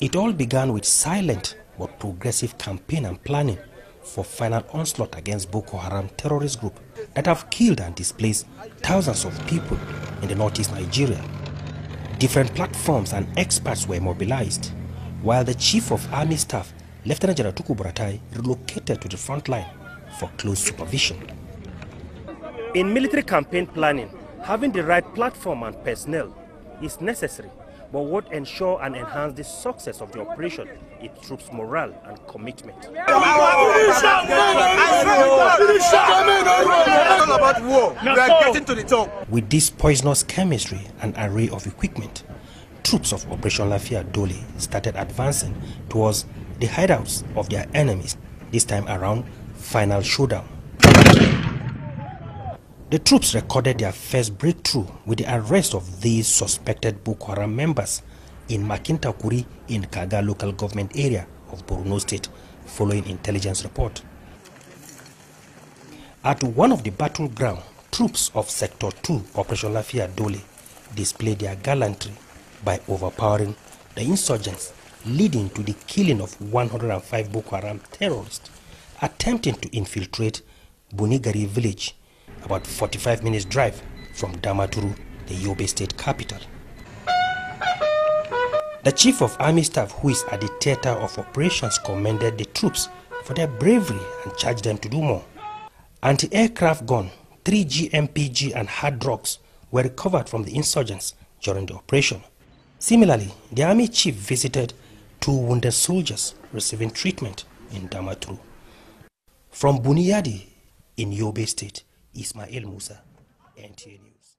It all began with silent but progressive campaign and planning for final onslaught against Boko Haram terrorist group that have killed and displaced thousands of people in the northeast Nigeria. Different platforms and experts were mobilized, while the Chief of Army Staff, Lieutenant General Tuku relocated to the front line for close supervision. In military campaign planning, having the right platform and personnel is necessary but would ensure and enhance the success of the operation, its troops' morale and commitment. With this poisonous chemistry and array of equipment, troops of Operation Lafia Dole started advancing towards the hideouts of their enemies, this time around final showdown. The troops recorded their first breakthrough with the arrest of these suspected Boko Haram members in Makintakuri in Kaga local government area of Borno state, following intelligence report. At one of the battleground, troops of Sector 2 Operation Lafia Dole displayed their gallantry by overpowering the insurgents, leading to the killing of 105 Boko Haram terrorists attempting to infiltrate Bunigari village about 45 minutes drive from Damaturu, the Yobe state capital. The chief of army staff who is at the theater of operations commended the troops for their bravery and charged them to do more. Anti-aircraft gun, 3G MPG and hard drugs were recovered from the insurgents during the operation. Similarly, the army chief visited two wounded soldiers receiving treatment in Damaturu. From Buniyadi in Yobe State, Ismail Musa, NTA News.